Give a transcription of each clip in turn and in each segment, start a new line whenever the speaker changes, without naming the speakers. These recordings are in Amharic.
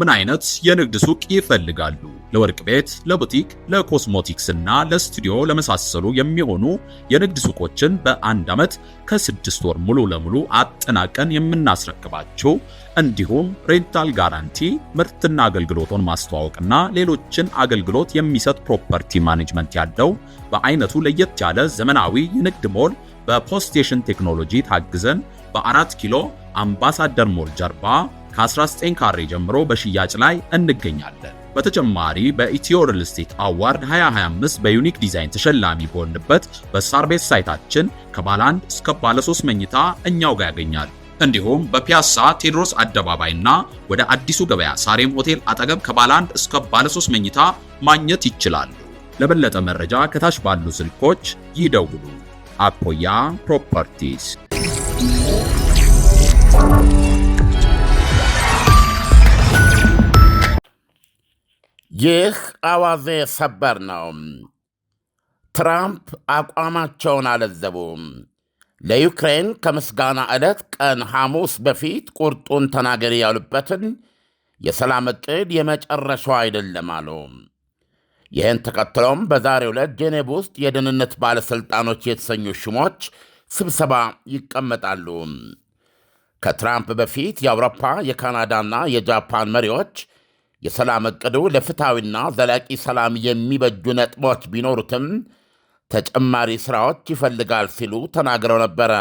ምን አይነት የንግድ ሱቅ ይፈልጋሉ? ለወርቅ ቤት፣ ለቡቲክ፣ ለኮስሞቲክስ እና ለስቱዲዮ ለመሳሰሉ የሚሆኑ የንግድ ሱቆችን በአንድ ዓመት ከስድስት ወር ሙሉ ለሙሉ አጠናቀን የምናስረክባቸው እንዲሁም ሬንታል ጋራንቲ ምርትና አገልግሎቱን ማስተዋወቅና ሌሎችን አገልግሎት የሚሰጥ ፕሮፐርቲ ማኔጅመንት ያለው በአይነቱ ለየት ያለ ዘመናዊ የንግድ ሞል በፖስቴሽን ቴክኖሎጂ ታግዘን በአራት ኪሎ አምባሳደር ሞል ጀርባ ከ19 ካሬ ጀምሮ በሽያጭ ላይ እንገኛለን። በተጨማሪ በኢትዮ ሪል ስቴት አዋርድ 2025 በዩኒክ ዲዛይን ተሸላሚ በሆንበት በሳርቤት ሳይታችን ከባለ አንድ እስከ ባለ 3 መኝታ እኛው ጋር ያገኛል። እንዲሁም በፒያሳ ቴዎድሮስ አደባባይና ወደ አዲሱ ገበያ ሳሬም ሆቴል አጠገብ ከባለ አንድ እስከ ባለ 3 መኝታ ማግኘት ይችላሉ። ለበለጠ መረጃ ከታች ባሉ ስልኮች ይደውሉ። አፖያ ፕሮፐርቲስ
ይህ አዋዜ ሰበር ነው። ትራምፕ አቋማቸውን አለዘቡ። ለዩክሬን ከምስጋና ዕለት ቀን ሐሙስ በፊት ቁርጡን ተናገሪ ያሉበትን የሰላም ዕቅድ የመጨረሻው አይደለም አሉ። ይህን ተከትሎም በዛሬው ዕለት ጄኔቭ ውስጥ የደህንነት ባለሥልጣኖች የተሰኙ ሹሞች ስብሰባ ይቀመጣሉ። ከትራምፕ በፊት የአውሮፓ የካናዳና የጃፓን መሪዎች የሰላም ዕቅዱ ለፍትሐዊና ዘላቂ ሰላም የሚበጁ ነጥቦች ቢኖሩትም ተጨማሪ ሥራዎች ይፈልጋል ሲሉ ተናግረው ነበረ።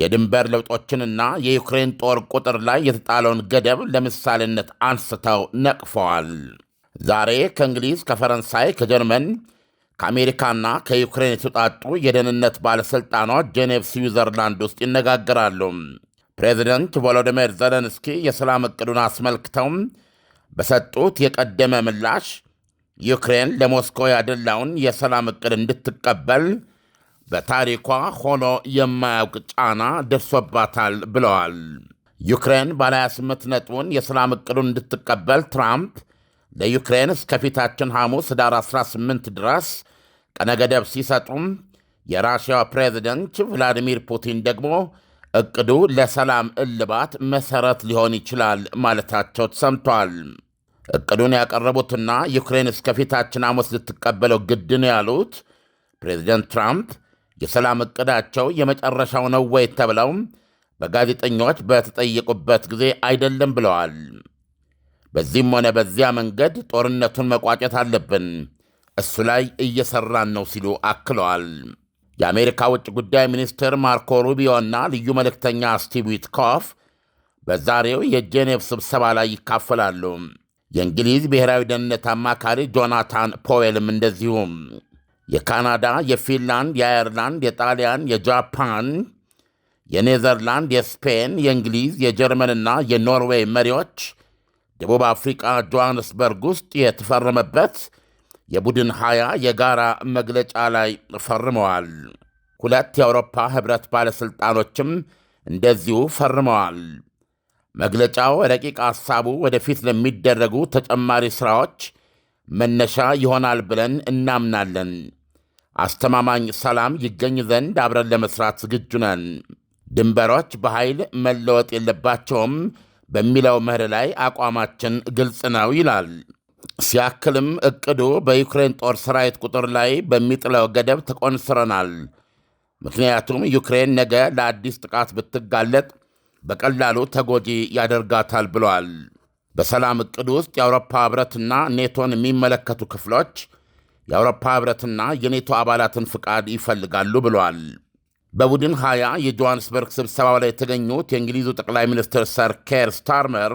የድንበር ለውጦችንና የዩክሬን ጦር ቁጥር ላይ የተጣለውን ገደብ ለምሳሌነት አንስተው ነቅፈዋል። ዛሬ ከእንግሊዝ፣ ከፈረንሳይ፣ ከጀርመን፣ ከአሜሪካና ከዩክሬን የተውጣጡ የደህንነት ባለሥልጣኖች ጄኔቭ ስዊዘርላንድ ውስጥ ይነጋገራሉ። ፕሬዚደንት ቮሎዲሚር ዘለንስኪ የሰላም ዕቅዱን አስመልክተው በሰጡት የቀደመ ምላሽ ዩክሬን ለሞስኮ ያደላውን የሰላም ዕቅድ እንድትቀበል በታሪኳ ሆኖ የማያውቅ ጫና ደርሶባታል ብለዋል። ዩክሬን ባለ 28 ነጥቡን የሰላም ዕቅዱን እንድትቀበል ትራምፕ ለዩክሬን እስከፊታችን ሐሙስ ኅዳር 18 ድረስ ቀነ ገደብ ሲሰጡም የራሽያ ፕሬዚደንት ቭላዲሚር ፑቲን ደግሞ ዕቅዱ ለሰላም እልባት መሠረት ሊሆን ይችላል ማለታቸው ተሰምቷል። እቅዱን ያቀረቡትና ዩክሬን እስከፊታችን ሐሙስ ልትቀበለው ግድ ነው ያሉት ፕሬዚደንት ትራምፕ የሰላም እቅዳቸው የመጨረሻው ነው ወይ ተብለው በጋዜጠኞች በተጠየቁበት ጊዜ አይደለም ብለዋል። በዚህም ሆነ በዚያ መንገድ ጦርነቱን መቋጨት አለብን፣ እሱ ላይ እየሠራን ነው ሲሉ አክለዋል። የአሜሪካ ውጭ ጉዳይ ሚኒስትር ማርኮ ሩቢዮና ልዩ መልእክተኛ ስቲቭ ዊትኮፍ በዛሬው የጄኔቭ ስብሰባ ላይ ይካፈላሉ። የእንግሊዝ ብሔራዊ ደህንነት አማካሪ ጆናታን ፖዌልም እንደዚሁም የካናዳ፣ የፊንላንድ፣ የአየርላንድ፣ የጣሊያን፣ የጃፓን፣ የኔዘርላንድ፣ የስፔን፣ የእንግሊዝ፣ የጀርመንና የኖርዌይ መሪዎች ደቡብ አፍሪቃ ጆሃንስበርግ ውስጥ የተፈረመበት የቡድን ሀያ የጋራ መግለጫ ላይ ፈርመዋል። ሁለት የአውሮፓ ኅብረት ባለሥልጣኖችም እንደዚሁ ፈርመዋል። መግለጫው ረቂቅ ሐሳቡ ወደፊት ለሚደረጉ ተጨማሪ ሥራዎች መነሻ ይሆናል ብለን እናምናለን። አስተማማኝ ሰላም ይገኝ ዘንድ አብረን ለመሥራት ዝግጁ ነን። ድንበሮች በኃይል መለወጥ የለባቸውም በሚለው መርህ ላይ አቋማችን ግልጽ ነው ይላል። ሲያክልም እቅዱ በዩክሬን ጦር ሠራዊት ቁጥር ላይ በሚጥለው ገደብ ተቆንስረናል። ምክንያቱም ዩክሬን ነገ ለአዲስ ጥቃት ብትጋለጥ በቀላሉ ተጎጂ ያደርጋታል ብለዋል። በሰላም ዕቅድ ውስጥ የአውሮፓ ኅብረትና ኔቶን የሚመለከቱ ክፍሎች የአውሮፓ ኅብረትና የኔቶ አባላትን ፍቃድ ይፈልጋሉ ብለዋል። በቡድን ሀያ የጆሃንስበርግ ስብሰባው ላይ የተገኙት የእንግሊዙ ጠቅላይ ሚኒስትር ሰር ኬር ስታርመር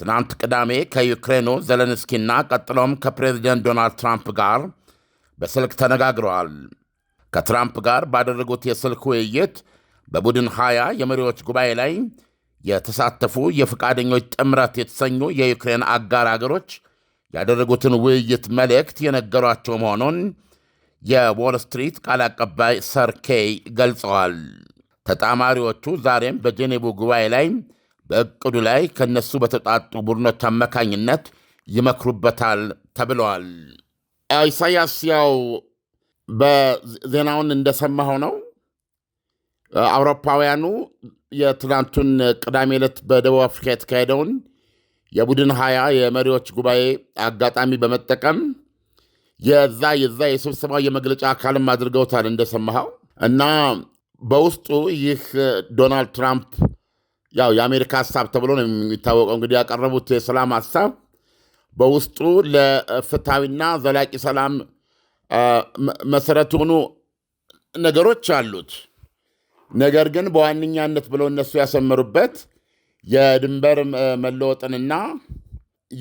ትናንት ቅዳሜ ከዩክሬኑ ዘለንስኪና ቀጥሎም ከፕሬዚደንት ዶናልድ ትራምፕ ጋር በስልክ ተነጋግረዋል። ከትራምፕ ጋር ባደረጉት የስልክ ውይይት በቡድን ሀያ የመሪዎች ጉባኤ ላይ የተሳተፉ የፈቃደኞች ጥምረት የተሰኙ የዩክሬን አጋር አገሮች ያደረጉትን ውይይት መልእክት የነገሯቸው መሆኑን የዎል ስትሪት ቃል አቀባይ ሰርኬይ ገልጸዋል። ተጣማሪዎቹ ዛሬም በጄኔቭ ጉባኤ ላይ በእቅዱ ላይ ከነሱ በተጣጡ ቡድኖች አማካኝነት ይመክሩበታል ተብለዋል። ኢሳያስ ያው በዜናውን እንደሰማኸው ነው። አውሮፓውያኑ የትናንቱን ቅዳሜ ዕለት በደቡብ አፍሪካ የተካሄደውን የቡድን ሀያ የመሪዎች ጉባኤ አጋጣሚ በመጠቀም የዛ የዛ የስብሰባ የመግለጫ አካልም አድርገውታል እንደሰማኸው እና በውስጡ ይህ ዶናልድ ትራምፕ ያው የአሜሪካ ሀሳብ ተብሎ ነው የሚታወቀው እንግዲህ ያቀረቡት የሰላም ሀሳብ በውስጡ ለፍትሐዊና ዘላቂ ሰላም መሰረት የሆኑ ነገሮች አሉት። ነገር ግን በዋነኛነት ብለው እነሱ ያሰመሩበት የድንበር መለወጥንና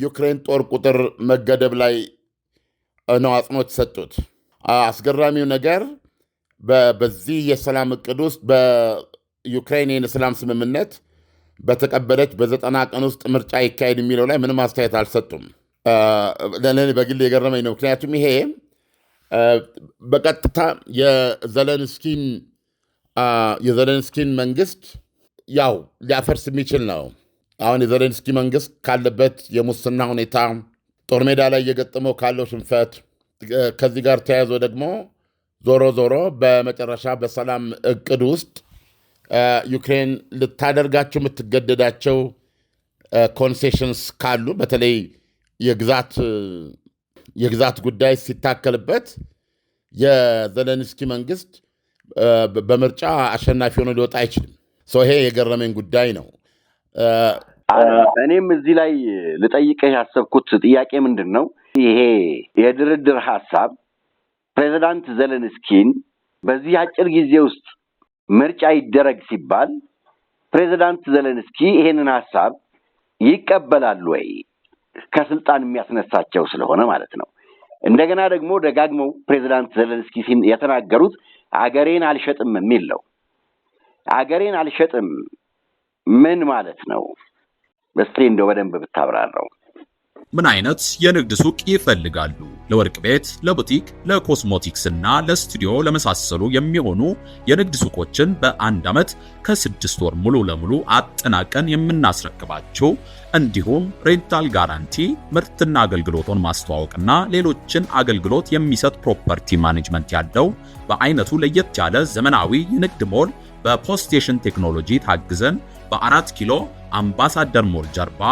ዩክሬን ጦር ቁጥር መገደብ ላይ ነው አጽንኦት ሰጡት። አስገራሚው ነገር በዚህ የሰላም እቅድ ውስጥ በዩክሬን የሰላም ስምምነት በተቀበለች በዘጠና ቀን ውስጥ ምርጫ ይካሄድ የሚለው ላይ ምንም አስተያየት አልሰጡም። ለእኔ በግል የገረመኝ ነው። ምክንያቱም ይሄ በቀጥታ የዘለንስኪን የዘለንስኪን መንግስት ያው ሊያፈርስ የሚችል ነው። አሁን የዘለንስኪ መንግስት ካለበት የሙስና ሁኔታ፣ ጦር ሜዳ ላይ እየገጠመው ካለው ሽንፈት፣ ከዚህ ጋር ተያይዞ ደግሞ ዞሮ ዞሮ በመጨረሻ በሰላም እቅድ ውስጥ ዩክሬን ልታደርጋቸው የምትገደዳቸው ኮንሴሽንስ ካሉ በተለይ የግዛት ጉዳይ ሲታከልበት የዘለንስኪ መንግስት በምርጫ አሸናፊ ሆኖ ሊወጣ አይችልም። ሰው ይሄ የገረመኝ ጉዳይ ነው። እኔም እዚህ ላይ ልጠይቅህ ያሰብኩት ጥያቄ ምንድን ነው፣ ይሄ የድርድር ሀሳብ ፕሬዚዳንት ዘለንስኪን በዚህ አጭር ጊዜ ውስጥ ምርጫ ይደረግ ሲባል ፕሬዚዳንት ዘለንስኪ ይሄንን ሀሳብ ይቀበላሉ ወይ? ከስልጣን የሚያስነሳቸው ስለሆነ ማለት ነው። እንደገና ደግሞ ደጋግመው ፕሬዚዳንት ዘለንስኪ የተናገሩት አገሬን አልሸጥም የሚል ነው። አገሬን አልሸጥም ምን ማለት ነው? እስቲ እንደው በደንብ ብታብራራው።
ምን አይነት የንግድ ሱቅ ይፈልጋሉ? ለወርቅ ቤት፣ ለቡቲክ፣ ለኮስሞቲክስ እና ለስቱዲዮ ለመሳሰሉ የሚሆኑ የንግድ ሱቆችን በአንድ ዓመት ከስድስት ወር ሙሉ ለሙሉ አጠናቀን የምናስረክባቸው እንዲሁም ሬንታል ጋራንቲ ምርትና አገልግሎቱን ማስተዋወቅና ሌሎችን አገልግሎት የሚሰጥ ፕሮፐርቲ ማኔጅመንት ያለው በአይነቱ ለየት ያለ ዘመናዊ የንግድ ሞል በፖስቴሽን ቴክኖሎጂ ታግዘን በአራት ኪሎ አምባሳደር ሞል ጀርባ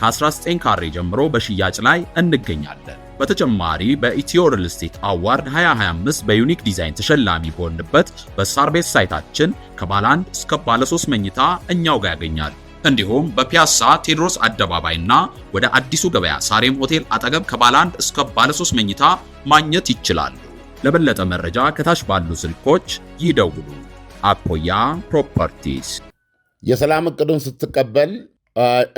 ከ19 ካሬ ጀምሮ በሽያጭ ላይ እንገኛለን። በተጨማሪ በኢትዮ ሪል ስቴት አዋርድ 2025 በዩኒክ ዲዛይን ተሸላሚ በሆንበት በሳርቤት ሳይታችን ከባለ አንድ እስከ ባለ 3 መኝታ እኛው ጋር ያገኛል። እንዲሁም በፒያሳ ቴዎድሮስ አደባባይና ወደ አዲሱ ገበያ ሳሬም ሆቴል አጠገብ ከባለ አንድ እስከ ባለ 3 መኝታ ማግኘት ይችላሉ። ለበለጠ መረጃ ከታች ባሉ ስልኮች ይደውሉ። አፖያ ፕሮፐርቲስ
የሰላም እቅዱን ስትቀበል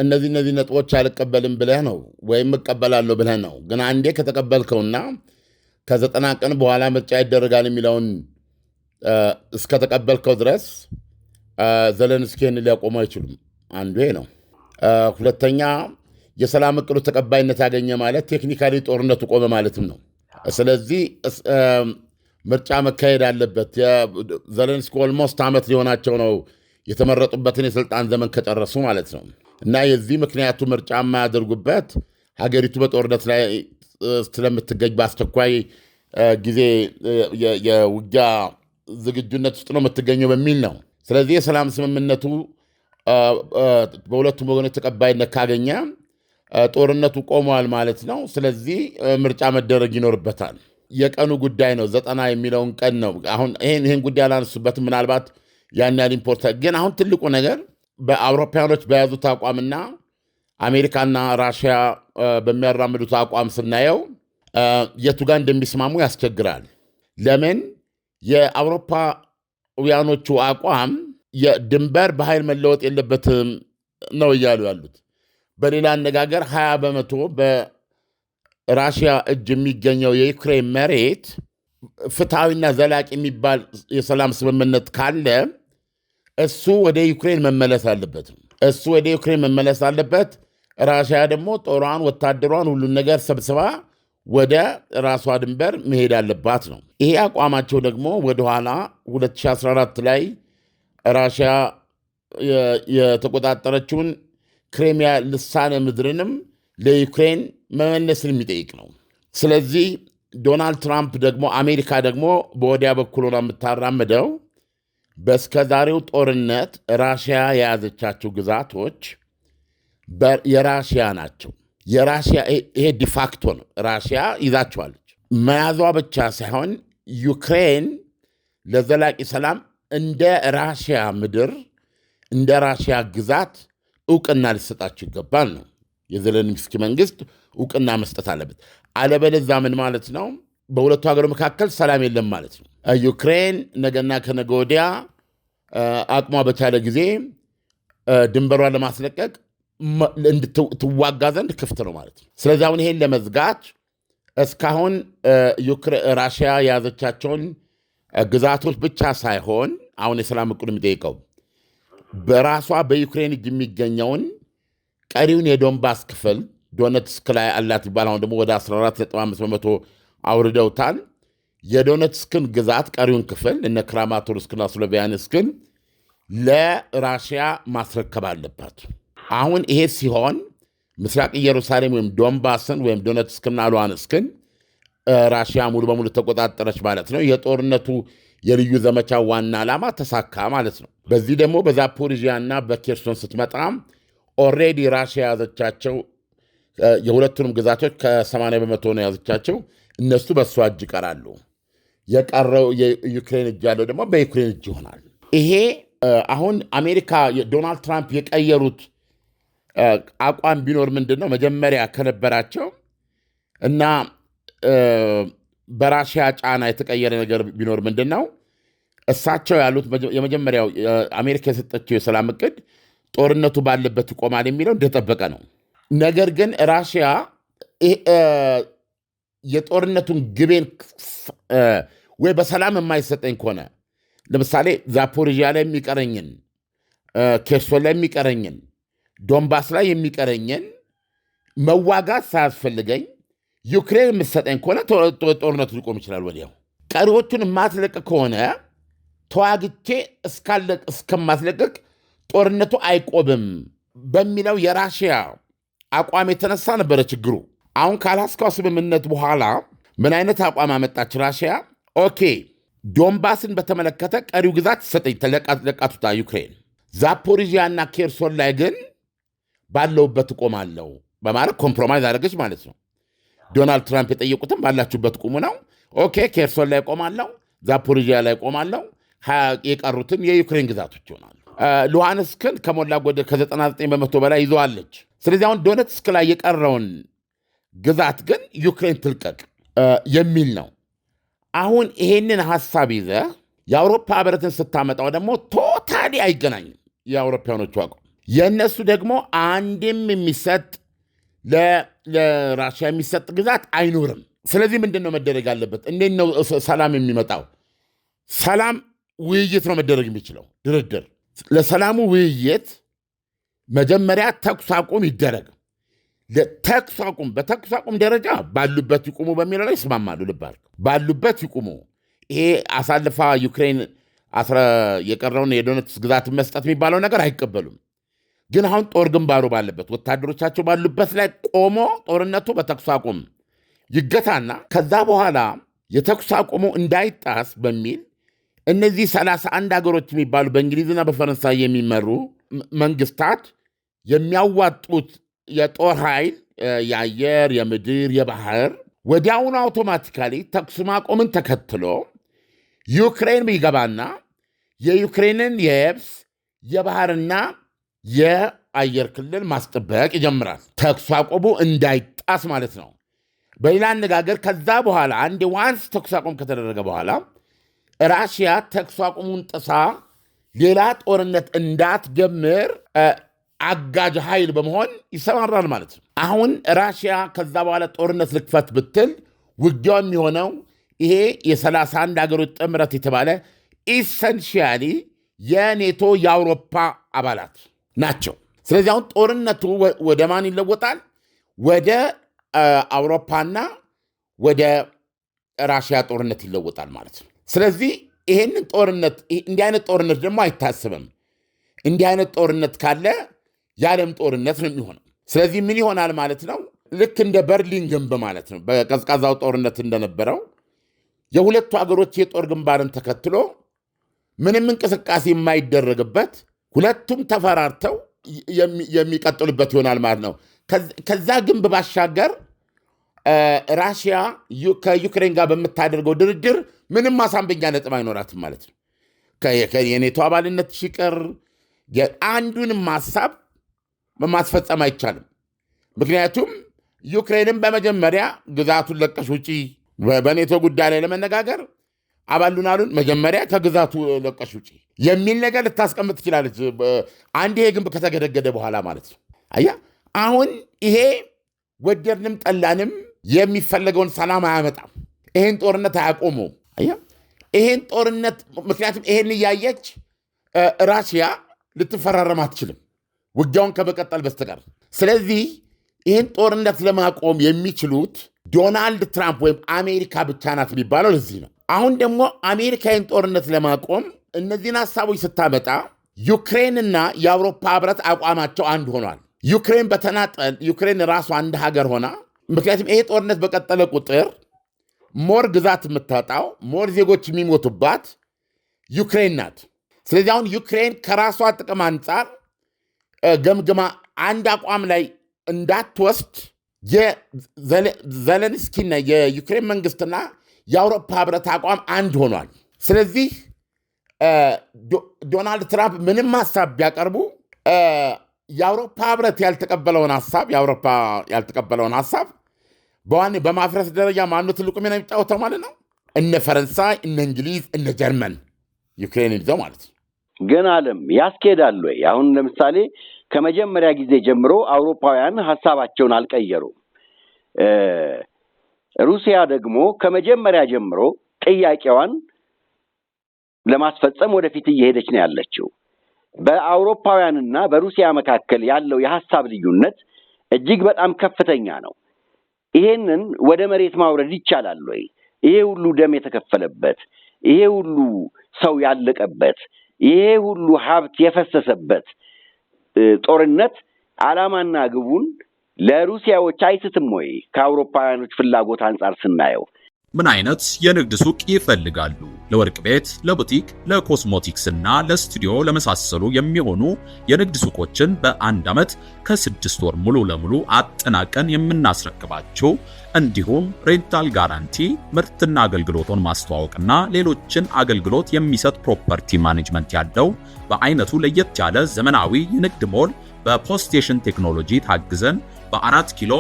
እነዚህ እነዚህ ነጥቦች አልቀበልም ብለህ ነው ወይም እቀበላለሁ ብለህ ነው። ግን አንዴ ከተቀበልከውና ከዘጠና ቀን በኋላ ምርጫ ይደረጋል የሚለውን እስከተቀበልከው ድረስ ዘለንስኪን ሊያቆሙ አይችሉም። አንዱ ነው። ሁለተኛ የሰላም እቅዱ ተቀባይነት ያገኘ ማለት ቴክኒካሊ ጦርነቱ ቆመ ማለትም ነው። ስለዚህ ምርጫ መካሄድ አለበት። ዘለንስኪ ኦልሞስት ዓመት ሊሆናቸው ነው የተመረጡበትን የስልጣን ዘመን ከጨረሱ ማለት ነው። እና የዚህ ምክንያቱ ምርጫ የማያደርጉበት ሀገሪቱ በጦርነት ላይ ስለምትገኝ በአስቸኳይ ጊዜ የውጊያ ዝግጁነት ውስጥ ነው የምትገኘው በሚል ነው። ስለዚህ የሰላም ስምምነቱ በሁለቱም ወገኖች ተቀባይነት ካገኘ ጦርነቱ ቆመዋል ማለት ነው። ስለዚህ ምርጫ መደረግ ይኖርበታል። የቀኑ ጉዳይ ነው። ዘጠና የሚለውን ቀን ነው። አሁን ይህን ጉዳይ አላነሱበትም። ምናልባት ያን ያህል ኢምፖርታ ግን አሁን ትልቁ ነገር በአውሮፓያኖች በያዙት አቋምና አሜሪካና ራሽያ በሚያራምዱት አቋም ስናየው የቱ ጋር እንደሚስማሙ ያስቸግራል። ለምን የአውሮፓውያኖቹ አቋም የድንበር በኃይል መለወጥ የለበትም ነው እያሉ ያሉት። በሌላ አነጋገር ሀያ በመቶ በራሽያ እጅ የሚገኘው የዩክሬን መሬት ፍትሐዊና ዘላቂ የሚባል የሰላም ስምምነት ካለ እሱ ወደ ዩክሬን መመለስ አለበት። እሱ ወደ ዩክሬን መመለስ አለበት። ራሽያ ደግሞ ጦሯን፣ ወታደሯን፣ ሁሉን ነገር ሰብስባ ወደ ራሷ ድንበር መሄድ አለባት ነው። ይሄ አቋማቸው ደግሞ ወደኋላ 2014 ላይ ራሽያ የተቆጣጠረችውን ክሬሚያ ልሳነ ምድርንም ለዩክሬን መመለስን የሚጠይቅ ነው። ስለዚህ ዶናልድ ትራምፕ ደግሞ አሜሪካ ደግሞ በወዲያ በኩል ሆና የምታራምደው በስከዛሬው ጦርነት ራሽያ የያዘቻቸው ግዛቶች የራሽያ ናቸው። የራሽያ ይሄ ዲፋክቶ ነው። ራሽያ ይዛቸዋለች። መያዟ ብቻ ሳይሆን ዩክሬን ለዘላቂ ሰላም እንደ ራሽያ ምድር እንደ ራሽያ ግዛት እውቅና ሊሰጣቸው ይገባል ነው የዘለንስኪ መንግስት እውቅና መስጠት አለበት። አለበለዛ ምን ማለት ነው? በሁለቱ ሀገሮች መካከል ሰላም የለም ማለት ነው። ዩክሬን ነገና ከነገ ወዲያ አቅሟ በቻለ ጊዜ ድንበሯን ለማስለቀቅ እንድትዋጋ ዘንድ ክፍት ነው ማለት ነው። ስለዚህ አሁን ይሄን ለመዝጋት እስካሁን ራሽያ የያዘቻቸውን ግዛቶች ብቻ ሳይሆን አሁን የሰላም እቅዱ የሚጠይቀው በራሷ በዩክሬን እጅ የሚገኘውን ቀሪውን የዶንባስ ክፍል ዶነትስክ ላይ አላት ይባል። አሁን ደግሞ ወደ 14.5 በመቶ አውርደውታል። የዶነትስክን ግዛት ቀሪውን ክፍል እነ ክራማቶርስክና ስሎቪያንስክን ለራሽያ ማስረከብ አለባት። አሁን ይሄ ሲሆን ምስራቅ ኢየሩሳሌም ወይም ዶንባስን ወይም ዶነትስክና ሉዋንስክን ራሽያ ሙሉ በሙሉ ተቆጣጠረች ማለት ነው። የጦርነቱ የልዩ ዘመቻ ዋና ዓላማ ተሳካ ማለት ነው። በዚህ ደግሞ በዛፖሪዥያና በኬርሶን ስትመጣ ኦሬዲ ራሽያ የያዘቻቸው የሁለቱንም ግዛቶች ከ80 በመቶ ነው የያዘቻቸው። እነሱ በእሷ እጅ ይቀራሉ። የቀረው የዩክሬን እጅ ያለው ደግሞ በዩክሬን እጅ ይሆናል። ይሄ አሁን አሜሪካ ዶናልድ ትራምፕ የቀየሩት አቋም ቢኖር ምንድን ነው መጀመሪያ ከነበራቸው እና በራሽያ ጫና የተቀየረ ነገር ቢኖር ምንድን ነው እሳቸው ያሉት የመጀመሪያው አሜሪካ የሰጠችው የሰላም እቅድ ጦርነቱ ባለበት ይቆማል የሚለው እንደጠበቀ ነው። ነገር ግን ራሽያ የጦርነቱን ግቤን ወይ በሰላም የማይሰጠኝ ከሆነ ለምሳሌ ዛፖሪዣ ላይ የሚቀረኝን፣ ኬርሶ ላይ የሚቀረኝን፣ ዶንባስ ላይ የሚቀረኝን መዋጋት ሳያስፈልገኝ ዩክሬን የምትሰጠኝ ከሆነ ጦርነቱ ሊቆም ይችላል። ወዲያው ቀሪዎቹን የማትለቅ ከሆነ ተዋግቼ እስከማትለቅቅ ጦርነቱ አይቆምም በሚለው የራሽያ አቋም የተነሳ ነበረ ችግሩ። አሁን ከአላስካው ስምምነት በኋላ ምን አይነት አቋም አመጣች ራሽያ? ኦኬ ዶንባስን በተመለከተ ቀሪው ግዛት ሰጠኝ ለቃቱታ ዩክሬን፣ ዛፖሪዥያና ኬርሶን ላይ ግን ባለውበት እቆማለሁ በማለት ኮምፕሮማይዝ አደረገች ማለት ነው። ዶናልድ ትራምፕ የጠየቁትም ባላችሁበት ቁሙ ነው። ኦኬ ኬርሶን ላይ ቆማለሁ፣ ዛፖሪዥያ ላይ ቆማለሁ፣ የቀሩትን የዩክሬን ግዛቶች ይሆናሉ። ሉሃንስክን ከሞላ ጎደል ከ99 በመቶ በላይ ይዘዋለች። ስለዚህ አሁን ዶነትስክ ላይ የቀረውን ግዛት ግን ዩክሬን ትልቀቅ የሚል ነው። አሁን ይሄንን ሀሳብ ይዘ የአውሮፓ ህብረትን ስታመጣው ደግሞ ቶታሊ አይገናኝም። የአውሮፓያኖቹ አቋም የእነሱ ደግሞ አንድም የሚሰጥ ለራሽያ የሚሰጥ ግዛት አይኖርም። ስለዚህ ምንድን ነው መደረግ ያለበት? እንዴት ነው ሰላም የሚመጣው? ሰላም ውይይት ነው መደረግ የሚችለው ድርድር ለሰላሙ ውይይት መጀመሪያ ተኩስ አቁም ይደረግ። ተኩስ አቁም በተኩስ አቁም ደረጃ ባሉበት ይቁሙ በሚለው ላይ ይስማማሉ። ልብ ባሉበት ይቁሙ። ይሄ አሳልፋ ዩክሬን የቀረውን የዶነትስ ግዛት መስጠት የሚባለው ነገር አይቀበሉም። ግን አሁን ጦር ግንባሩ ባለበት ወታደሮቻቸው ባሉበት ላይ ቆሞ ጦርነቱ በተኩስ አቁም ይገታና ከዛ በኋላ የተኩስ አቁሙ እንዳይጣስ በሚል እነዚህ 31 ሀገሮች የሚባሉ በእንግሊዝና በፈረንሳይ የሚመሩ መንግስታት የሚያዋጡት የጦር ኃይል የአየር፣ የምድር፣ የባህር ወዲያውኑ አውቶማቲካሊ ተኩስ ማቆምን ተከትሎ ዩክሬን ቢገባና የዩክሬንን የየብስ የባህርና የአየር ክልል ማስጠበቅ ይጀምራል። ተኩስ አቆሙ እንዳይጣስ ማለት ነው። በሌላ አነጋገር ከዛ በኋላ አንድ ዋንስ ተኩስ አቁም ከተደረገ በኋላ ራሽያ ተኩስ አቁሙን ጥሳ ሌላ ጦርነት እንዳትጀምር አጋጅ ኃይል በመሆን ይሰማራል ማለት ነው። አሁን ራሽያ ከዛ በኋላ ጦርነት ልክፈት ብትል ውጊያው የሚሆነው ይሄ የ31 ሀገሮች ጥምረት የተባለ ኢሰንሽያሊ የኔቶ የአውሮፓ አባላት ናቸው። ስለዚህ አሁን ጦርነቱ ወደ ማን ይለወጣል? ወደ አውሮፓና ወደ ራሽያ ጦርነት ይለወጣል ማለት ነው። ስለዚህ ይሄንን ጦርነት እንዲህ አይነት ጦርነት ደግሞ አይታስብም። እንዲህ አይነት ጦርነት ካለ የዓለም ጦርነት ነው የሚሆነው። ስለዚህ ምን ይሆናል ማለት ነው? ልክ እንደ በርሊን ግንብ ማለት ነው። በቀዝቃዛው ጦርነት እንደነበረው የሁለቱ አገሮች የጦር ግንባርን ተከትሎ ምንም እንቅስቃሴ የማይደረግበት ሁለቱም ተፈራርተው የሚቀጥሉበት ይሆናል ማለት ነው። ከዛ ግንብ ባሻገር ራሽያ ከዩክሬን ጋር በምታደርገው ድርድር ምንም ማሳንበኛ ነጥብ አይኖራትም ማለት ነው። የኔቶ አባልነት ሽቅር አንዱንም ሀሳብ ማስፈጸም አይቻልም። ምክንያቱም ዩክሬንም በመጀመሪያ ግዛቱን ለቀሽ ውጪ፣ በኔቶ ጉዳይ ላይ ለመነጋገር አባሉን አሉን መጀመሪያ ከግዛቱ ለቀሽ ውጪ የሚል ነገር ልታስቀምጥ ትችላለች። አንድ ይሄ ግንብ ከተገደገደ በኋላ ማለት ነው። አያ አሁን ይሄ ወደድንም ጠላንም የሚፈለገውን ሰላም አያመጣም። ይሄን ጦርነት አያቆመውም። አያ ይሄን ጦርነት ምክንያቱም ይሄን እያየች ራሽያ ልትፈራረም አትችልም። ውጊያውን ከመቀጠል በስተቀር። ስለዚህ ይህን ጦርነት ለማቆም የሚችሉት ዶናልድ ትራምፕ ወይም አሜሪካ ብቻ ናት የሚባለው ለዚህ ነው። አሁን ደግሞ አሜሪካ ይህን ጦርነት ለማቆም እነዚህን ሀሳቦች ስታመጣ ዩክሬንና የአውሮፓ ህብረት አቋማቸው አንድ ሆኗል። ዩክሬን በተናጠል ዩክሬን ራሷ አንድ ሀገር ሆና ምክንያቱም ይሄ ጦርነት በቀጠለ ቁጥር ሞር ግዛት የምታጣው ሞር ዜጎች የሚሞቱባት ዩክሬን ናት። ስለዚህ አሁን ዩክሬን ከራሷ ጥቅም አንጻር ገምግማ አንድ አቋም ላይ እንዳትወስድ የዘለንስኪና የዩክሬን መንግስትና የአውሮፓ ህብረት አቋም አንድ ሆኗል። ስለዚህ ዶናልድ ትራምፕ ምንም ሀሳብ ቢያቀርቡ የአውሮፓ ህብረት ያልተቀበለውን ሀሳብ የአውሮፓ ያልተቀበለውን ሀሳብ በዋን በማፍረስ ደረጃ ማኑ ትልቁ ሚና የሚጫወተው ማለት ነው እነ ፈረንሳይ፣ እነ እንግሊዝ፣ እነ ጀርመን ዩክሬን ይዘው ማለት ነው። ግን አለም ያስኬዳሉ ወይ? አሁን ለምሳሌ ከመጀመሪያ ጊዜ ጀምሮ አውሮፓውያን ሀሳባቸውን አልቀየሩም። ሩሲያ ደግሞ ከመጀመሪያ ጀምሮ ጥያቄዋን ለማስፈጸም ወደፊት እየሄደች ነው ያለችው። በአውሮፓውያንና በሩሲያ መካከል ያለው የሀሳብ ልዩነት እጅግ በጣም ከፍተኛ ነው። ይሄንን ወደ መሬት ማውረድ ይቻላል ወይ? ይሄ ሁሉ ደም የተከፈለበት፣ ይሄ ሁሉ ሰው ያለቀበት፣ ይሄ ሁሉ ሀብት የፈሰሰበት ጦርነት ዓላማና ግቡን ለሩሲያዎች አይስትም ወይ? ከአውሮፓውያኖች ፍላጎት አንጻር ስናየው
ምን አይነት የንግድ ሱቅ ይፈልጋሉ? ለወርቅ ቤት፣ ለቡቲክ፣ ለኮስሞቲክስ እና ለስቱዲዮ ለመሳሰሉ የሚሆኑ የንግድ ሱቆችን በአንድ ዓመት ከስድስት ወር ሙሉ ለሙሉ አጠናቀን የምናስረክባቸው እንዲሁም ሬንታል ጋራንቲ ምርትና አገልግሎቱን ማስተዋወቅና ሌሎችን አገልግሎት የሚሰጥ ፕሮፐርቲ ማኔጅመንት ያለው በአይነቱ ለየት ያለ ዘመናዊ የንግድ ሞል በፖስቴሽን ቴክኖሎጂ ታግዘን በአራት ኪሎ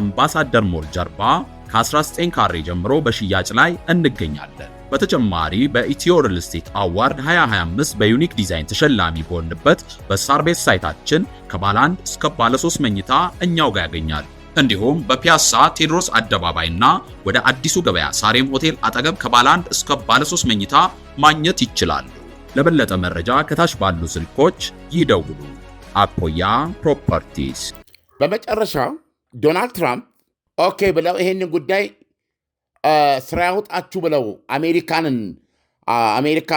አምባሳደር ሞል ጀርባ ከ19 ካሬ ጀምሮ በሽያጭ ላይ እንገኛለን። በተጨማሪ በኢትዮ ሪል ስቴት አዋርድ 2025 በዩኒክ ዲዛይን ተሸላሚ በሆንበት በሳርቤት ሳይታችን ከባለ አንድ እስከ ባለ 3 መኝታ እኛው ጋር ያገኛል። እንዲሁም በፒያሳ ቴዎድሮስ አደባባይና ወደ አዲሱ ገበያ ሳሬም ሆቴል አጠገብ ከባለ አንድ እስከ ባለ 3 መኝታ ማግኘት ይችላሉ። ለበለጠ መረጃ ከታች ባሉ ስልኮች ይደውሉ። አፖያ ፕሮፐርቲስ።
በመጨረሻ ዶናልድ ትራምፕ ኦኬ ብለው ይሄንን ጉዳይ ስራ ያውጣችሁ ብለው አሜሪካንን አሜሪካ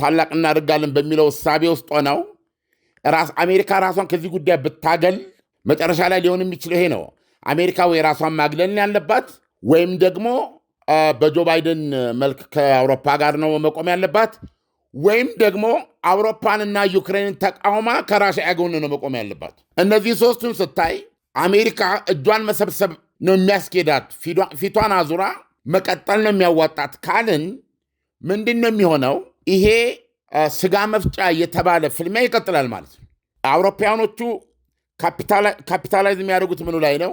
ታላቅ እናደርጋለን በሚለው እሳቤ ውስጥ ሆነው አሜሪካ ራሷን ከዚህ ጉዳይ ብታገል መጨረሻ ላይ ሊሆን የሚችለው ይሄ ነው። አሜሪካ ወይ ራሷን ማግለል ያለባት ወይም ደግሞ በጆ ባይደን መልክ ከአውሮፓ ጋር ነው መቆም ያለባት ወይም ደግሞ አውሮፓንና ዩክሬንን ተቃውማ ከራሻ ያገውን ነው መቆም ያለባት። እነዚህ ሶስቱን ስታይ አሜሪካ እጇን መሰብሰብ ነው የሚያስኬዳት። ፊቷን አዙራ መቀጠል ነው የሚያዋጣት ካልን ምንድን ነው የሚሆነው? ይሄ ስጋ መፍጫ የተባለ ፍልሚያ ይቀጥላል ማለት ነው። አውሮፓያኖቹ ካፒታላይዝ የሚያደርጉት ምኑ ላይ ነው?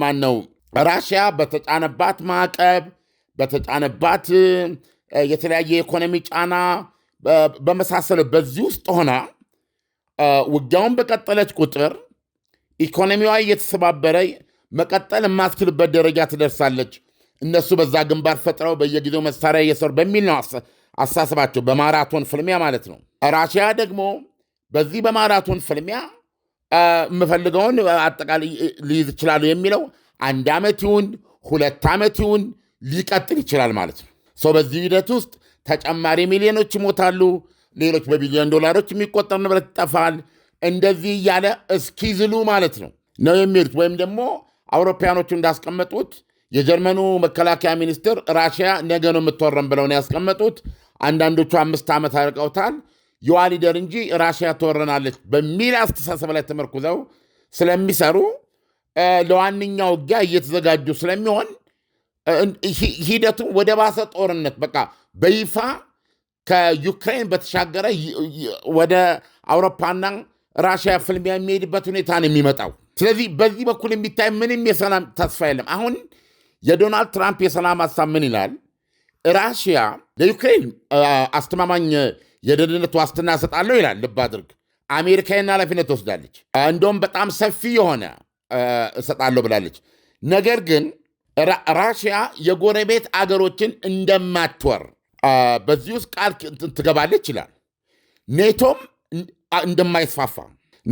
ማን ነው ራሽያ በተጫነባት ማዕቀብ በተጫነባት የተለያየ የኢኮኖሚ ጫና በመሳሰሉ በዚህ ውስጥ ሆና ውጊያውን በቀጠለች ቁጥር ኢኮኖሚዋ እየተሰባበረ መቀጠል የማስችልበት ደረጃ ትደርሳለች። እነሱ በዛ ግንባር ፈጥረው በየጊዜው መሳሪያ እየሰሩ በሚል ነው አሳስባቸው በማራቶን ፍልሚያ ማለት ነው። ራሽያ ደግሞ በዚህ በማራቶን ፍልሚያ የምፈልገውን አጠቃላይ ሊይዝ ይችላሉ የሚለው አንድ ዓመት ይሁን ሁለት ዓመት ይሁን ሊቀጥል ይችላል ማለት ነው። ሰው በዚህ ሂደት ውስጥ ተጨማሪ ሚሊዮኖች ይሞታሉ። ሌሎች በቢሊዮን ዶላሮች የሚቆጠር ንብረት ይጠፋል። እንደዚህ እያለ እስኪዝሉ ማለት ነው ነው የሚሉት ወይም ደግሞ አውሮፓያኖቹ እንዳስቀመጡት የጀርመኑ መከላከያ ሚኒስትር ራሽያ ነገ ነው የምትወረን ብለው ነው ያስቀመጡት። አንዳንዶቹ አምስት ዓመት አርቀውታል። የዋ ሊደር እንጂ ራሽያ ትወረናለች በሚል አስተሳሰብ ላይ ተመርኩዘው ስለሚሰሩ ለዋነኛው ውጊያ እየተዘጋጁ ስለሚሆን ሂደቱ ወደ ባሰ ጦርነት በቃ በይፋ ከዩክሬን በተሻገረ ወደ አውሮፓና ራሽያ ፍልሚያ የሚሄድበት ሁኔታ ነው የሚመጣው። ስለዚህ በዚህ በኩል የሚታይ ምንም የሰላም ተስፋ የለም። አሁን የዶናልድ ትራምፕ የሰላም ሀሳብ ምን ይላል? ራሽያ ለዩክሬን አስተማማኝ የደህንነት ዋስትና እሰጣለሁ ይላል። ልብ አድርግ፣ አሜሪካና ኃላፊነት ትወስዳለች። እንደውም በጣም ሰፊ የሆነ እሰጣለሁ ብላለች። ነገር ግን ራሽያ የጎረቤት አገሮችን እንደማትወር በዚህ ውስጥ ቃል ትገባለች ይላል። ኔቶም እንደማይስፋፋ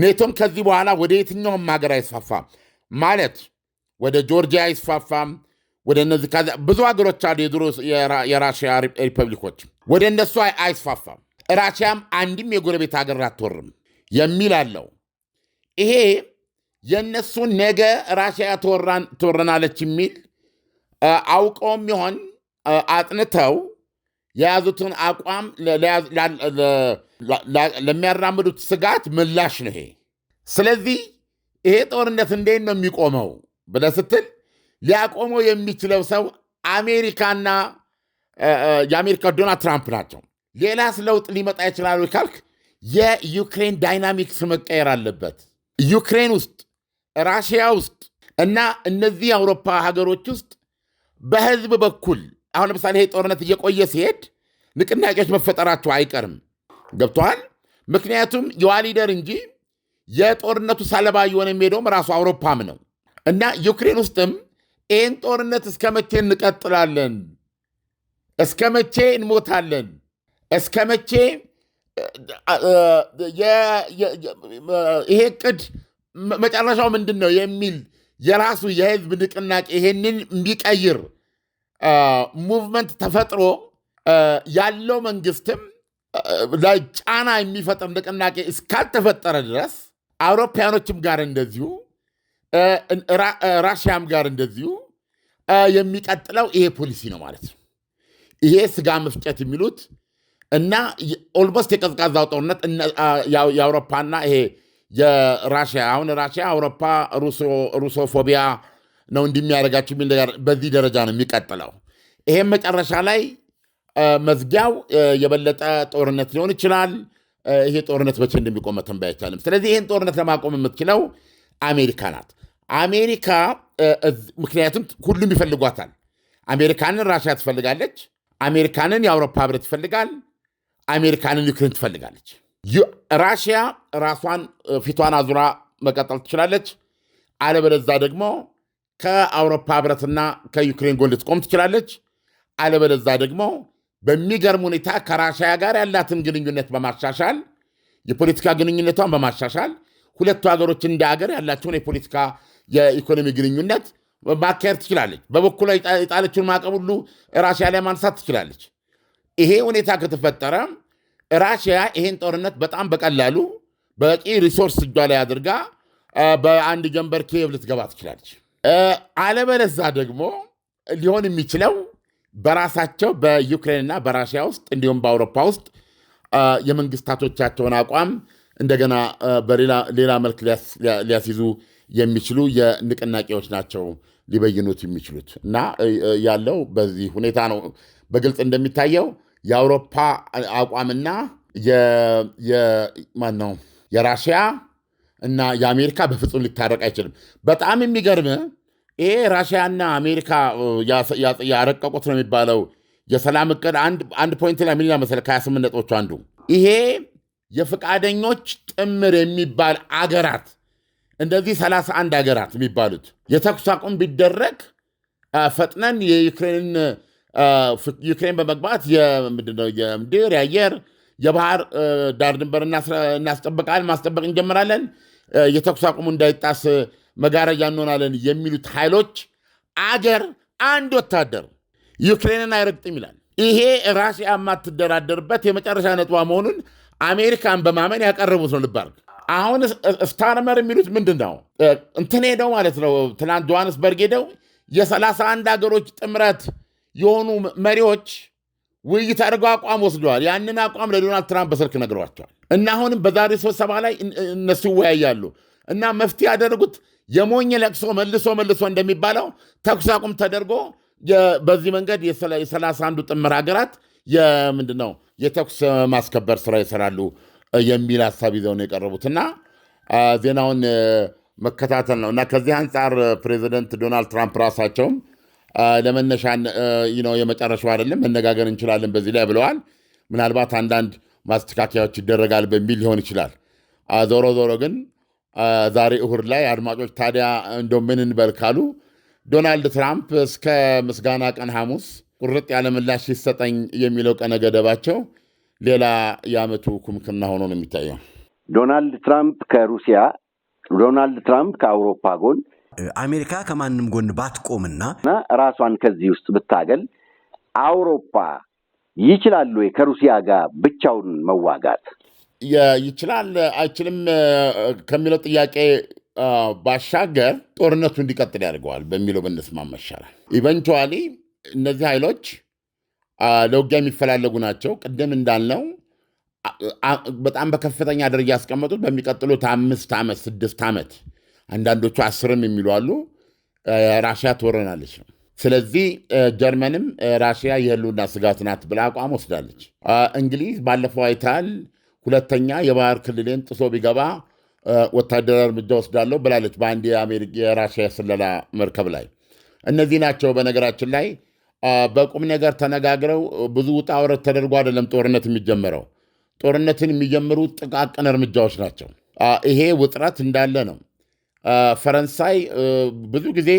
ኔቶም ከዚህ በኋላ ወደ የትኛውም ሀገር አይስፋፋም ማለት ወደ ጆርጂያ አይስፋፋም። ወደ እነዚህ ብዙ ሀገሮች አሉ፣ የድሮ የራሽያ ሪፐብሊኮች፣ ወደ እነሱ አይስፋፋም። ራሽያም አንድም የጎረቤት ሀገር አትወርም የሚል አለው። ይሄ የእነሱን ነገ ራሽያ ትወረናለች የሚል አውቀውም ይሆን አጥንተው የያዙትን አቋም ለሚያራምዱት ስጋት ምላሽ ነው ይሄ። ስለዚህ ይሄ ጦርነት እንዴት ነው የሚቆመው ብለህ ስትል ሊያቆመው የሚችለው ሰው አሜሪካና የአሜሪካ ዶናልድ ትራምፕ ናቸው። ሌላስ ለውጥ ሊመጣ ይችላሉ ካልክ የዩክሬን ዳይናሚክስ መቀየር አለበት። ዩክሬን ውስጥ፣ ራሽያ ውስጥ እና እነዚህ የአውሮፓ ሀገሮች ውስጥ በህዝብ በኩል አሁን ለምሳሌ ይሄ ጦርነት እየቆየ ሲሄድ ንቅናቄዎች መፈጠራቸው አይቀርም። ገብተዋል። ምክንያቱም የዋ ሊደር እንጂ የጦርነቱ ሰለባ እየሆነ የሚሄደውም ራሱ አውሮፓም ነው እና ዩክሬን ውስጥም ይህን ጦርነት እስከ መቼ እንቀጥላለን? እስከ መቼ እንሞታለን? እስከ መቼ ይሄ ቅድ መጨረሻው ምንድን ነው የሚል የራሱ የህዝብ ንቅናቄ ይሄንን የሚቀይር ሙቭመንት ተፈጥሮ ያለው መንግስትም ላይ ጫና የሚፈጥር ንቅናቄ እስካልተፈጠረ ድረስ አውሮፓያኖችም ጋር እንደዚሁ ራሽያም ጋር እንደዚሁ የሚቀጥለው ይሄ ፖሊሲ ነው ማለት ነው። ይሄ ስጋ መፍጨት የሚሉት እና ኦልሞስት የቀዝቃዛው ጦርነት የአውሮፓና ይሄ የራሽያ አሁን ራሽያ አውሮፓ ሩሶፎቢያ ነው እንዲሚያደርጋቸው የሚል ነገር በዚህ ደረጃ ነው የሚቀጥለው። ይሄም መጨረሻ ላይ መዝጊያው የበለጠ ጦርነት ሊሆን ይችላል። ይሄ ጦርነት መቼ እንደሚቆም መተንበይ አይቻልም። ስለዚህ ይህን ጦርነት ለማቆም የምትችለው አሜሪካ ናት። አሜሪካ ምክንያቱም ሁሉም ይፈልጓታል። አሜሪካንን ራሽያ ትፈልጋለች። አሜሪካንን የአውሮፓ ህብረት ይፈልጋል። አሜሪካንን ዩክሬን ትፈልጋለች። ራሽያ ራሷን ፊቷን አዙራ መቀጠል ትችላለች። አለበለዛ ደግሞ ከአውሮፓ ህብረትና ከዩክሬን ጎን ልትቆም ትችላለች። አለበለዛ ደግሞ በሚገርም ሁኔታ ከራሽያ ጋር ያላትን ግንኙነት በማሻሻል የፖለቲካ ግንኙነቷን በማሻሻል ሁለቱ ሀገሮች እንደ ሀገር ያላቸውን የፖለቲካ የኢኮኖሚ ግንኙነት ማካሄድ ትችላለች። በበኩሏ የጣለችውን ማዕቀብ ሁሉ ራሽያ ላይ ማንሳት ትችላለች። ይሄ ሁኔታ ከተፈጠረ ራሽያ ይሄን ጦርነት በጣም በቀላሉ በቂ ሪሶርስ እጇ ላይ አድርጋ በአንድ ጀንበር ኪየቭ ልትገባ ትችላለች። አለበለዛ ደግሞ ሊሆን የሚችለው በራሳቸው በዩክሬንና በራሽያ ውስጥ እንዲሁም በአውሮፓ ውስጥ የመንግስታቶቻቸውን አቋም እንደገና በሌላ መልክ ሊያስይዙ የሚችሉ የንቅናቄዎች ናቸው ሊበይኑት የሚችሉት እና ያለው በዚህ ሁኔታ ነው። በግልጽ እንደሚታየው የአውሮፓ አቋምና የማን የራሽያ እና የአሜሪካ በፍጹም ሊታረቅ አይችልም። በጣም የሚገርም ይሄ ራሽያና አሜሪካ ያረቀቁት ነው የሚባለው የሰላም እቅድ አንድ ፖይንት ላይ ምን መሰለህ ከ28 ነጥቦቹ አንዱ ይሄ የፈቃደኞች ጥምር የሚባል አገራት እንደዚህ 31 አገራት የሚባሉት የተኩስ አቁም ቢደረግ ፈጥነን የዩክሬን ዩክሬን በመግባት የምድር፣ የአየር፣ የባህር ዳር ድንበር እናስጠብቃል ማስጠበቅ እንጀምራለን። የተኩስ አቁሙ እንዳይጣስ መጋረጃ እንሆናለን የሚሉት ኃይሎች አገር አንድ ወታደር ዩክሬንን አይረግጥም ይላል። ይሄ ራሲያ የማትደራደርበት የመጨረሻ ነጥቧ መሆኑን አሜሪካን በማመን ያቀረቡት ነው። ልባርግ አሁን ስታርመር የሚሉት ምንድን ነው? እንትን ሄደው ማለት ነው ትናንት ጆሃንስበርግ ሄደው የ31 ሀገሮች ጥምረት የሆኑ መሪዎች ውይይት አድርገው አቋም ወስደዋል። ያንን አቋም ለዶናልድ ትራምፕ በስልክ ነግረዋቸዋል። እና አሁንም በዛሬ ስብሰባ ላይ እነሱ ይወያያሉ እና መፍትሄ ያደረጉት የሞኝ ለቅሶ መልሶ መልሶ እንደሚባለው ተኩስ አቁም ተደርጎ በዚህ መንገድ የሰላሳ አንዱ ጥምር ሀገራት የምንድን ነው የተኩስ ማስከበር ስራ ይሰራሉ የሚል ሀሳብ ይዘው ነው የቀረቡት እና ዜናውን መከታተል ነው እና ከዚህ አንጻር ፕሬዚደንት ዶናልድ ትራምፕ ራሳቸውም ለመነሻ የመጨረሻው አይደለም መነጋገር እንችላለን በዚህ ላይ ብለዋል። ምናልባት አንዳንድ ማስተካከያዎች ይደረጋል በሚል ሊሆን ይችላል። ዞሮ ዞሮ ግን ዛሬ እሁድ ላይ አድማጮች ታዲያ እንደ ምን እንበል ካሉ ዶናልድ ትራምፕ እስከ ምስጋና ቀን ሐሙስ ቁርጥ ያለ ምላሽ ሲሰጠኝ የሚለው ቀነ ገደባቸው ሌላ የዓመቱ ኩምክና ሆኖ ነው የሚታየው። ዶናልድ ትራምፕ ከሩሲያ ዶናልድ ትራምፕ ከአውሮፓ ጎን አሜሪካ ከማንም ጎን ባትቆምና ራሷን ከዚህ ውስጥ ብታገል አውሮፓ ይችላሉ ወይ ከሩሲያ ጋር ብቻውን መዋጋት ይችላል አይችልም ከሚለው ጥያቄ ባሻገር ጦርነቱ እንዲቀጥል ያደርገዋል በሚለው ብንስማማ ይሻላል። ኢቨንቹዋሊ እነዚህ ኃይሎች ለውጊያ የሚፈላለጉ ናቸው። ቅድም እንዳልነው በጣም በከፍተኛ ደረጃ ያስቀመጡት በሚቀጥሉት አምስት ዓመት ስድስት ዓመት አንዳንዶቹ አስርም የሚሉ አሉ ራሽያ ትወረናለች ነው ስለዚህ ጀርመንም ራሽያ የህልውና ስጋት ናት ብላ አቋም ወስዳለች። እንግሊዝ ባለፈው አይታል ሁለተኛ የባህር ክልሌን ጥሶ ቢገባ ወታደራዊ እርምጃ ወስዳለሁ ብላለች በአንድ የራሽያ ስለላ መርከብ ላይ። እነዚህ ናቸው በነገራችን ላይ በቁም ነገር ተነጋግረው ብዙ ውጣ ውረድ ተደርጎ አይደለም ጦርነት የሚጀምረው። ጦርነትን የሚጀምሩ ጥቃቅን እርምጃዎች ናቸው። ይሄ ውጥረት እንዳለ ነው። ፈረንሳይ ብዙ ጊዜ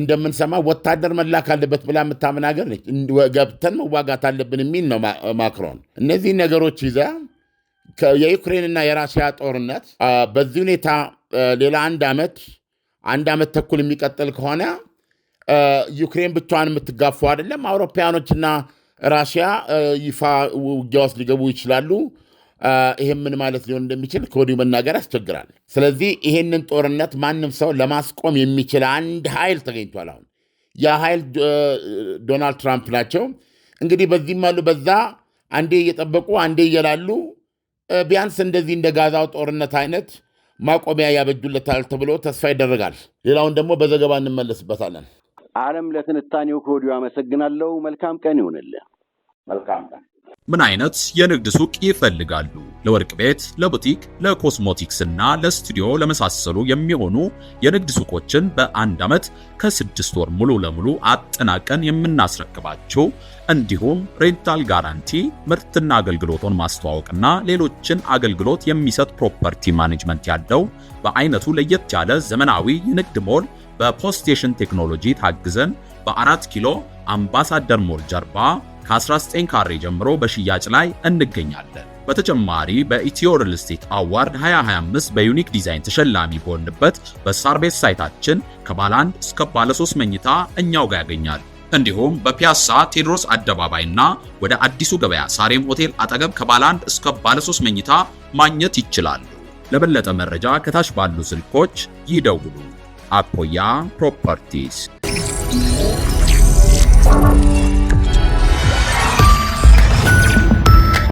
እንደምንሰማ ወታደር መላክ አለበት ብላ የምታምን ሀገር ነች። ገብተን መዋጋት አለብን የሚል ነው ማክሮን። እነዚህ ነገሮች ይዘ የዩክሬንና የራሽያ ጦርነት በዚህ ሁኔታ ሌላ አንድ ዓመት አንድ ዓመት ተኩል የሚቀጥል ከሆነ ዩክሬን ብቻዋን የምትጋፉ አይደለም። አውሮፓያኖችና ራሽያ ይፋ ውጊያ ውስጥ ሊገቡ ይችላሉ። ይህም ምን ማለት ሊሆን እንደሚችል ከወዲሁ መናገር ያስቸግራል። ስለዚህ ይሄንን ጦርነት ማንም ሰው ለማስቆም የሚችል አንድ ኃይል ተገኝቷል። አሁን ያ ኃይል ዶናልድ ትራምፕ ናቸው። እንግዲህ በዚህም አሉ በዛ አንዴ እየጠበቁ አንዴ እየላሉ ቢያንስ እንደዚህ እንደ ጋዛው ጦርነት አይነት ማቆሚያ ያበጁለታል ተብሎ ተስፋ ይደረጋል። ሌላውን ደግሞ በዘገባ እንመለስበታለን። አለም ለትንታኔው ከወዲሁ አመሰግናለሁ። መልካም ቀን ይሆንልን።
መልካም ቀን ምን አይነት የንግድ ሱቅ ይፈልጋሉ? ለወርቅ ቤት፣ ለቡቲክ፣ ለኮስሞቲክስ እና ለስቱዲዮ ለመሳሰሉ የሚሆኑ የንግድ ሱቆችን በአንድ ዓመት ከስድስት ወር ሙሉ ለሙሉ አጠናቀን የምናስረክባቸው እንዲሁም ሬንታል ጋራንቲ ምርትና አገልግሎቱን ማስተዋወቅና ሌሎችን አገልግሎት የሚሰጥ ፕሮፐርቲ ማኔጅመንት ያለው በአይነቱ ለየት ያለ ዘመናዊ የንግድ ሞል በፖስቴሽን ቴክኖሎጂ ታግዘን በአራት ኪሎ አምባሳደር ሞል ጀርባ ከ19 ካሬ ጀምሮ በሽያጭ ላይ እንገኛለን። በተጨማሪ በኢትዮ ሪል ስቴት አዋርድ 2025 በዩኒክ ዲዛይን ተሸላሚ በሆንበት በሳርቤት ሳይታችን ከባለ አንድ እስከ ባለ 3 መኝታ እኛው ጋር ያገኛል። እንዲሁም በፒያሳ ቴዎድሮስ አደባባይና ወደ አዲሱ ገበያ ሳሬም ሆቴል አጠገብ ከባለ አንድ እስከ ባለ 3 መኝታ ማግኘት ይችላሉ። ለበለጠ መረጃ ከታች ባሉ ስልኮች ይደውሉ። አፖያ ፕሮፐርቲስ